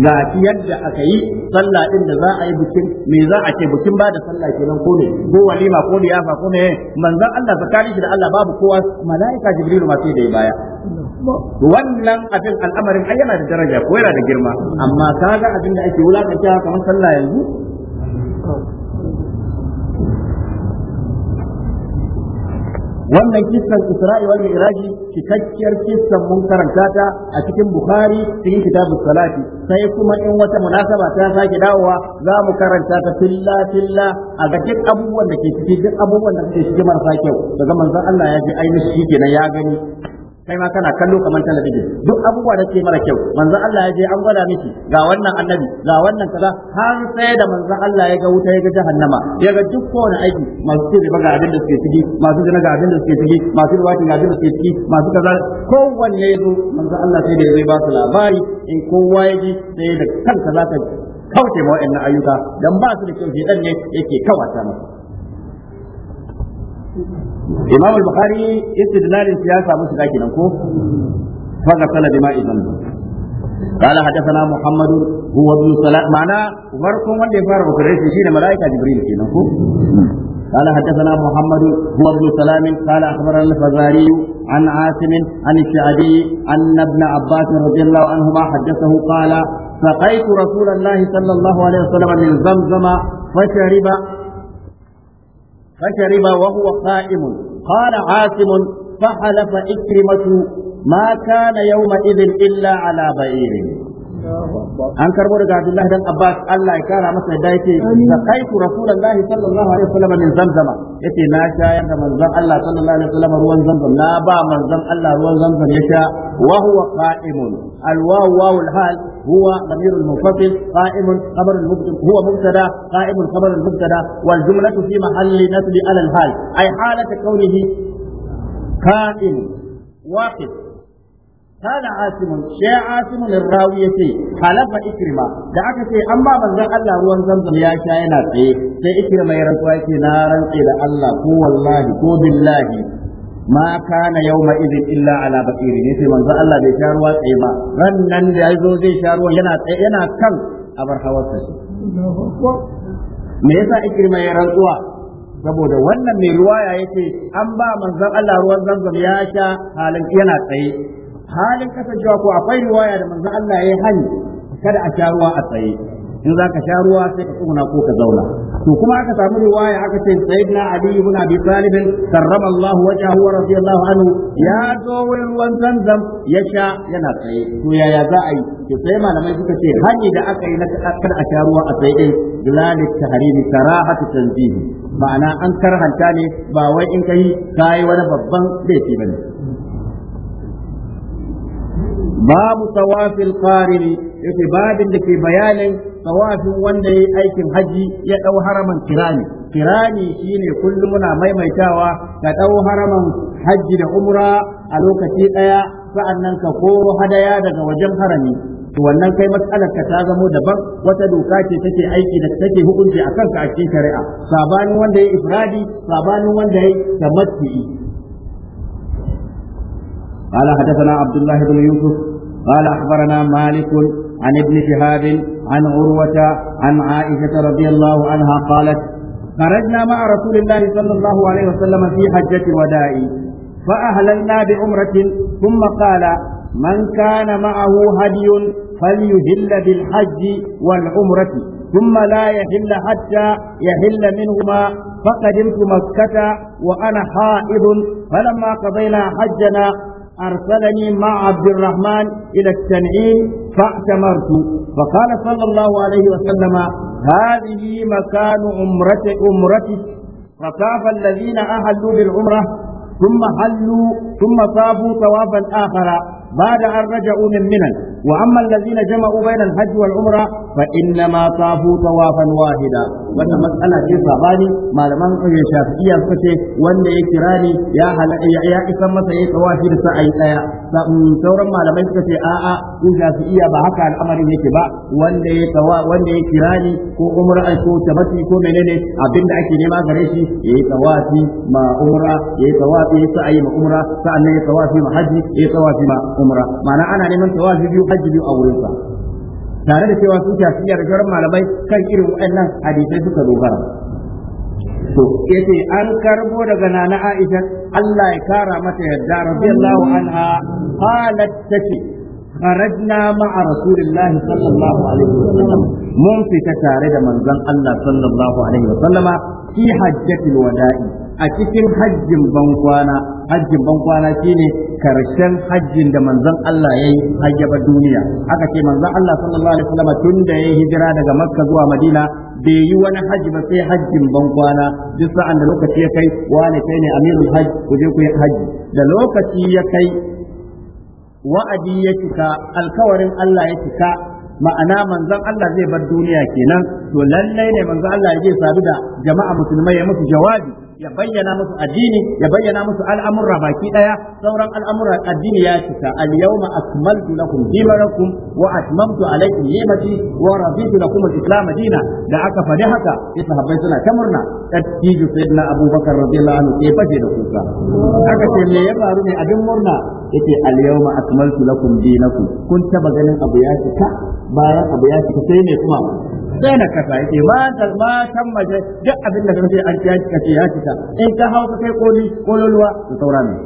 ga yadda aka yi sallah din da za a yi bikin me za a ce bikin ba da sallah kenan ko ne ko walima ko yafa ko ne manzon Allah tsakanin shi da Allah babu kowa malaika jibrilu ma sai da ya baya wannan abin al'amarin ai yana da daraja ko yana da girma amma kaga abin da ake wulaka kamar sallah yanzu wannan kissan Isra'i wal Mi'raji cikakkiyar kissan mun karanta ta a cikin Bukhari cikin kitabus salati sai kuma in wata munasaba ta sake dawowa za mu karanta ta filla filla a ga duk abubuwan da ke ciki duk abubuwan da suke cikin marasa kyau daga manzon Allah ya ji ainihi kenan ya gani kai ma kana kallo kamar talabijin duk abubuwa da ke mara kyau manzo Allah ya je an gwada miki ga wannan annabi ga wannan kaza har sai da manzo Allah ya ga wuta ya ga jahannama ya ga duk kowane aiki masu ci ba ga abin da suke ciki masu jana ga abin da suke ciki masu ruwaki ga abin da suke ciki masu kaza kowanne ya zo manzo Allah sai da ya ba su labari in kowa ya ji sai da kanka za ka kauce ma wa'annan ayyuka dan ba su da kyau shedan ne yake kawata masa imam al-bukhari istidlalin siyasa musu daki nan ko fa ga sala bima idan قال حدثنا محمد هو ابن سلام معنا فرق من يفار وكريس شيء ملائكة جبريل كنا قال حدثنا محمد هو ابن سلام قال أخبرنا الفزاري عن عاصم عن الشعبي أن ابن عباس رضي الله عنهما حدثه قال سقيت رسول الله صلى الله عليه وسلم من زمزم فشرب فشرب وهو قائم قال عاصم فحلف إكرمة ما كان يومئذ إلا على بئير an karbo daga Abdullahi dan Abbas Allah ya kara masa da yake da kaitu Rasulullahi sallallahu alaihi wasallam min zamzama yace na shayar da manzon Allah sallallahu alaihi wasallam ruwan zamzam na ba manzon Allah ruwan zamzam ya sha wa huwa qa'imun al wawu wawul hal هو ضمير منفصل قائم خبر المبتدا هو مبتدا قائم خبر المبتدا والجملة في محل نصب على الحال أي حالة كونه قائم واقف قال عاصم شيء عاصم الراوية حلف إكرمة دعك في أما من ذا الله ruwan zamzam ya sha yana tsaye sai ikrima ya rantsuwa yake na rantsi da Allah ko wallahi ko billahi ma kana yawma idin illa ala basiri ne sai manzo Allah bai sha ruwa tsaye ba ran nan da yazo zai sha ruwa yana tsaye yana kan abar hawarsa shi me yasa ikrima ya rantsuwa saboda wannan mai ya yace an ba manzon Allah ruwan zamzam ya sha halin yana tsaye halin kasancewa ko akwai ruwaya da manzon Allah ya hani kada a sha ruwa a tsaye in za ka sha ruwa sai ka tsuguna ko ka zauna to kuma aka samu riwaya aka ce sayyidina ali ibn abi talib karrama Allah wajhahu wa radiyallahu anhu ya zo wurin ruwan zamzam ya sha yana tsaye to yaya za a yi to sai malamai suka ce hanyar da aka yi na kada a sha ruwa a tsaye din dilalik tahrimi karahatu tanzihi ma'ana an karhanta ne ba wai in kai kai wani babban laifi bane babu tawafil qarini yake babin da ke bayanin tawafin wanda ya yi aikin haji ya ɗau haraman kirani kirani shine kullum muna maimaitawa ka ɗau haraman haji da umra a lokaci ɗaya sa'annan ka koro hadaya daga wajen harami to wannan kai matsalar ka ta zamo daban wata doka ce take aiki da take hukunci a kanka a cikin shari'a sabanin wanda ya ifradi sabanin wanda ya tamattu قال حدثنا عبد الله بن يوسف قال اخبرنا مالك عن ابن شهاب عن عروة عن عائشة رضي الله عنها قالت خرجنا مع رسول الله صلى الله عليه وسلم في حجة الوداع فأهللنا بعمرة ثم قال من كان معه هدي فليهل بالحج والعمرة ثم لا يحل حتى يحل منهما فقدمت مكة وأنا حائض فلما قضينا حجنا أرسلني مع عبد الرحمن إلى التنعيم فأتمرت فقال صلى الله عليه وسلم هذه مكان عمرة عمرتك فطاف الذين أهلوا بالعمرة ثم حلوا ثم طافوا طوافا آخر بعد أن رجعوا من منن واما الذين جمعوا بين الحج والعمره فانما طافوا طوافا واحدا wannan matsala ce sabani malaman shafi'iyya suka ce wanda ya ni ya isa masa yi tawafi da yi daya Mm, sauran malamai suka ce a'a in shafi'iyya ba haka al'amarin yake ba wanda ya tawa wanda ya kirani ko umra ko tabati ko menene abinda ake nema gare shi yi tawafi ma umra yayi tawafi sa'i ma umra sa'annan ya tawafi ma haji ya yi tawafi ma umra ma'ana ana neman tawafi biyu haji biyu a wurin tare da cewa sun shafi'iyya da sauran malamai kan irin waɗannan hadisai suka dogara to yace an karbo daga nana Aisha Allah ya kara mata yadda radiyallahu anha qalat tace خرجنا مع رسول الله صلى الله عليه وسلم من في تتارد من زن الله صلى الله عليه وسلم في حجة الوداع أتكن حج بنقوانا حج بنقوانا شيني كرشن حج دا من زن الله يهي حج بالدنيا أكتي من زن الله صلى الله عليه وسلم تند يهي جرادة مكة زوا مدينة bai yi wani hajji ba sai hajjin ban kwana duk sa'an da lokaci ya kai wani kai ne amirul hajji ku je ku yi haji da lokaci ya kai wa'adi ya cika alkawarin Allah ya cika ma'ana manzon Allah zai bar duniya kenan to lallai ne manzon Allah ya je sadu da jama'a musulmai ya musu jawabi ya bayyana musu addini ya bayyana musu al'amurra baki daya sauran al'amurra addini ya cika al yawma akmaltu lakum dinakum wa atmamtu alaykum ni'mati wa raditu lakum al islam dina da aka fadi haka sai sahabbai suna ta murna tattiju sayyidina abubakar radiyallahu anhu sai fashe da kuka aka ce me ya faru ne abin murna yace al yawma akmaltu lakum dinakum kun taba ganin abu ya cika bayan abu ya cika sai ne kuma sai na kasa yake ma tal ma tan maje duk abin da kace an kiyaye kace ya cika in ka hauka kai koli kololuwa da sauran ne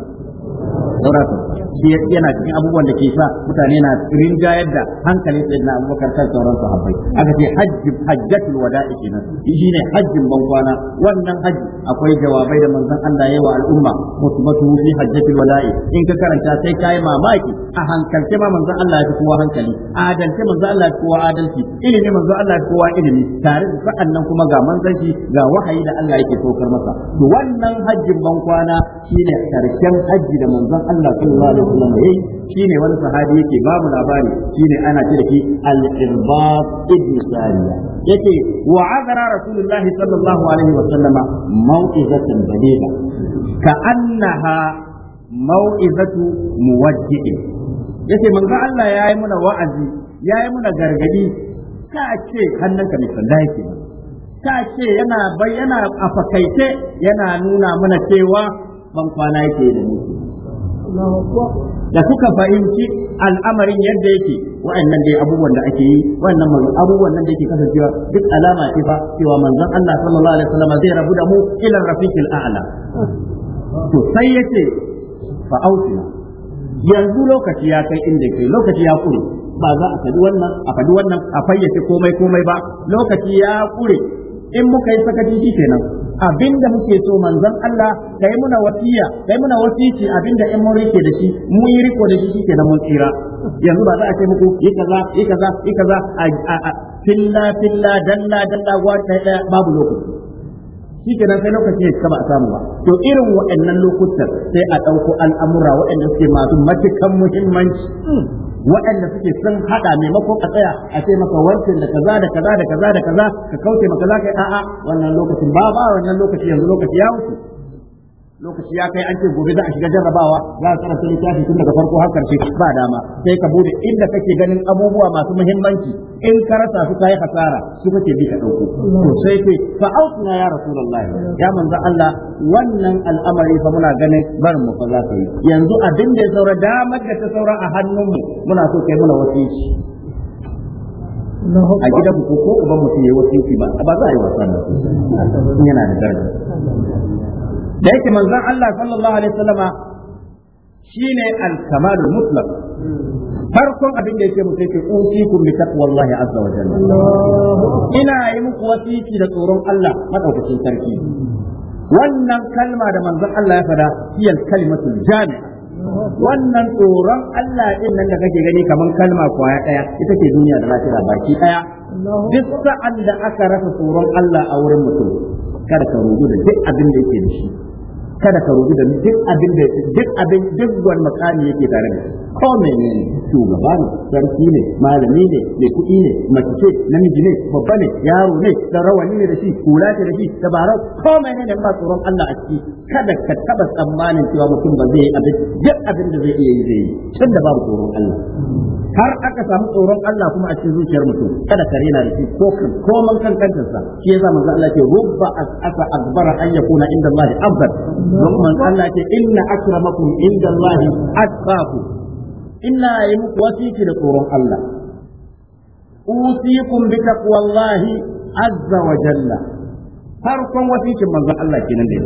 saurata shi yana cikin abubuwan da ke sa mutane na rinjayar da hankali sai na abubakar kan sauran sahabbai aka ce hajji hajjatul wada'i kenan shi ne hajjin bankwana wannan hajji akwai jawabai da manzon Allah ya wa al'umma musbatu fi hajjatul wada'i in ka karanta sai kai mamaki a hankalce ma manzon Allah ya fi kowa hankali adalce manzon Allah ya fi kowa adalci ilimi manzon Allah ya fi kowa ilimi tare da sa'annan kuma ga manzon shi ga wahayi da Allah yake saukar masa wannan hajjin bankwana shine karshen hajji da manzon Allah sallallahu alaihi wasallam yayi shine wani sahabi yake babu labari shine ana kira shi al irbab ibn sariya yake wa azara rasulullah sallallahu alaihi wasallam mau'izatan baliga ka annaha mau'izatu muwajjihin yake manzon Allah yayi muna wa'azi yayi muna gargadi ka ce hannunka mai sanda yake ta ce yana bayyana a fakaice yana nuna mana cewa ban kwana yake da mutu da kuka fahimci al'amarin yadda yake wa'annan dai abubuwan da ake yi wa'annan abubuwan nan da yake kasancewa duk alama ce fa cewa manzon Allah sallallahu alaihi wasallam zai rabu da mu ila rafiqil a'la to sai yace fa ausina yanzu lokaci ya kai inda ke lokaci ya kure ba za a faɗi wannan a faɗi wannan a fayyace komai komai ba lokaci ya kure in muka yi sakaci kenan abinda muke so manzon Allah kai muna wasiya kai muna wasici abinda in mori ke da shi mun yi riko da shi shike da mun tsira yanzu ba za a ce muku yi kaza yi kaza yi kaza a filla filla dalla dalla wata babu lokaci shi nan sai lokaci ya ba a samu ba to irin waɗannan lokutan sai a ɗauko al'amura waɗanda suke masu matukan muhimmanci waɗanda suke sun haɗa maimakon a tsaya a ce maka wancan da kaza da kaza da kaza da kaza ka kauce maka za ka yi a'a wannan lokacin ba ba wannan lokaci yanzu lokaci ya wuce lokaci ya kai an ce gobe za a shiga jarrabawa za a karanta littafi tun daga farko har karshe ba dama sai ka bude inda kake ganin abubuwa masu muhimmanci in ka rasa su kai hasara su kake bi ka dauko to sai ce fa ya rasulullah ya manzo Allah wannan al'amari fa muna ganin barin mu fa za ka yi yanzu abin da ya saura damar da ta saura a hannunmu muna so kai muna shi a gidan ku ko uban mutum ya wasi ba ba za a yi wasa da yana da daraja da yake manzon Allah sallallahu alaihi wasallama shine al-kamalul mutlaq farkon abin da yake mutai ce usikum bi taqwallahi azza wa jalla ina yi muku wasiki da tsoron Allah madaukakin sarki wannan kalma da manzan Allah ya fada hiyal kalimatul jami'a wannan tsoron Allah din nan da kake gani kaman kalma kwaya daya ita ce duniya da lafiya baki daya duk sa'an da aka rasa tsoron Allah a wurin mutum kada ka rubuta duk abin da yake da shi kada ka rubi da duk abin da duk abin duk wani makami yake tare da ko menene shugaba ne sarki ne malami ne mai kuɗi ne mace ce namiji ne babba ne yaro ne da rawani ne da shi kula ce da shi dabarau ko menene ba tsoron Allah a ciki kada ka taba tsammanin cewa mutum ba zai abin duk abin da zai iya yi zai yi tunda babu tsoron Allah har aka samu tsoron Allah kuma a cikin zuciyar mutum kada kare na da shi ko koman kan kantar sa shi yasa manzo Allah ce rubba as'ata akbara an yakuna inda Allah afdal lokman Allah ce inna akramakum inda Allah atqakum inna yi wasiki da tsoron Allah usikum bi taqwallahi azza wa jalla farkon wasikin manzo Allah kenan da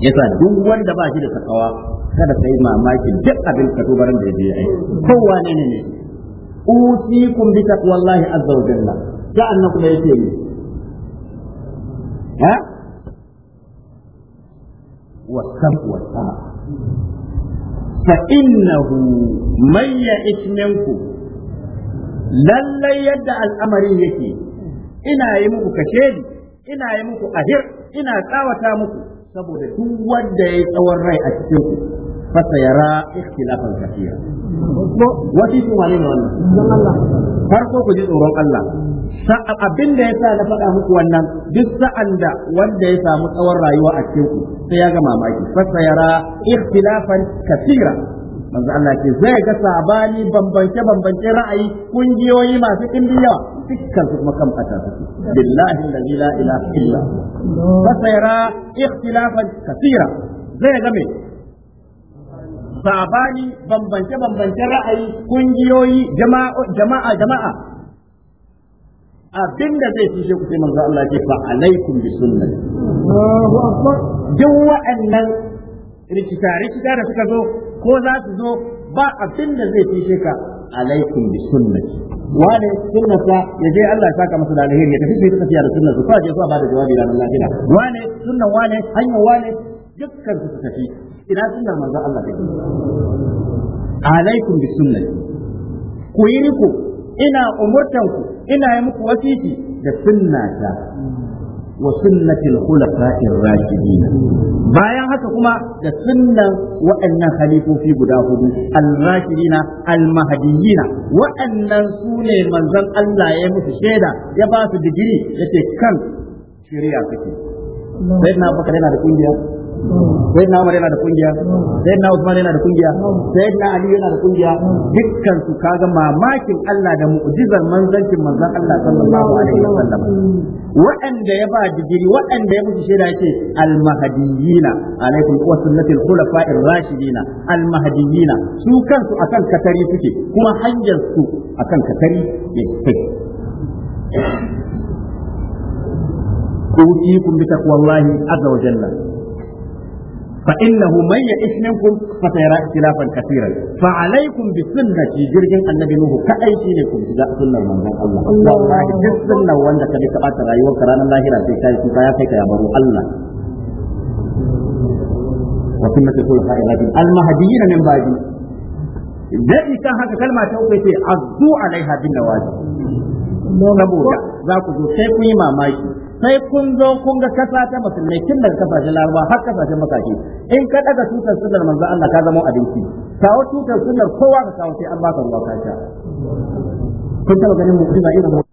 yasa duk wanda ba shi da takawa kada sai mamaki duk abin ka tubaran da ya ai kowa ne ne ne kun bi taqwallahi azza wa jalla sa'annan kuma yake ni ha ta fa innahu man يئس منكم lallai yadda al'amarin yake ina yi muku kashedi ina yi muku ahir ina tsawata muku saboda duk wanda ya tsawon rai a cikin ku fasayara ikhtilafan kafiya wasu su wane ne wannan farko ku ji tsoron Allah abin da ya sa na faɗa muku wannan duk sa'an da wanda ya samu tsawon rayuwa a cikin ku sai ya ga mamaki fasayara ikhtilafan kafiya manzo Allah ce zai ga sabani bambance bambance ra'ayi kungiyoyi masu dimbin yawa dukkan su kuma kan fata su billahi allazi la ilaha illa fa sayara ikhtilafan kathira zai ga me sabani bambance bambance ra'ayi kungiyoyi jama'a jama'a jama'a abinda zai fi ku sai manzo Allah ce fa alaikum bi sunnati Allahu akbar duk wa'annan rikita rikita da suka zo ko za su zo ba abin da zai fi ka alaikum bi sunnati wani sunnata ya je Allah ya saka masa da alheri ya tafi su yi tafiya da su ko je zuwa ba da jawabi da Allah kina wani suna wani hanyar wani dukkan su tafi ina sunnar manzo Allah take alaikum bi sunnati ku yi riko ina umurtanku ina yi muku wasiki da sunnata wa sunnatil khulafa'ir rashidin bayan haka kuma da sunnan waɗannan khalifofi guda hudu al-rashidin al-mahdiyyin waɗannan su ne manzon Allah ya musu shaida ya basu su digiri yace kan shari'a suke sai yana da kungiya sai na Umar yana da kungiya sai na Usman yana da kungiya sai na Ali yana da kungiya dukkan su kaga mamakin Allah da mu'jizar manzancin manzon Allah sallallahu alaihi wasallam waɗanda ya ba digiri waɗanda ya musu shaida yake al-mahdiyina alaikum wa al-khulafa'i ar rashidina al-mahdiyina su kansu akan katari suke kuma hanyar su akan katari yake bi بتقوى الله عز وجل فإنه من يئس منكم فسيرى اختلافا كثيرا فعليكم بسنة جرجن النبي نوح كأيتي لكم جزاء سنة من الله والله جس سنة وأنت كبير تبات رأي وكران الله رأي كاري سنة يا برو الله وسنة كل خائرات المهديين من بعد dadi kan haka kalma ta uku ce azzu alaiha bin nawaji saboda za ku zo sai kun yi mamaki sai kun zo kun ga kasa ta musulmai tun daga kasashen larabawa har kasashen makaki in ka daga tutar sunnar manzo Allah ka zama abinci kawo tutar sunnar kowa ka kawo sai an baka ruwa ka sha kun taba ganin mutum irin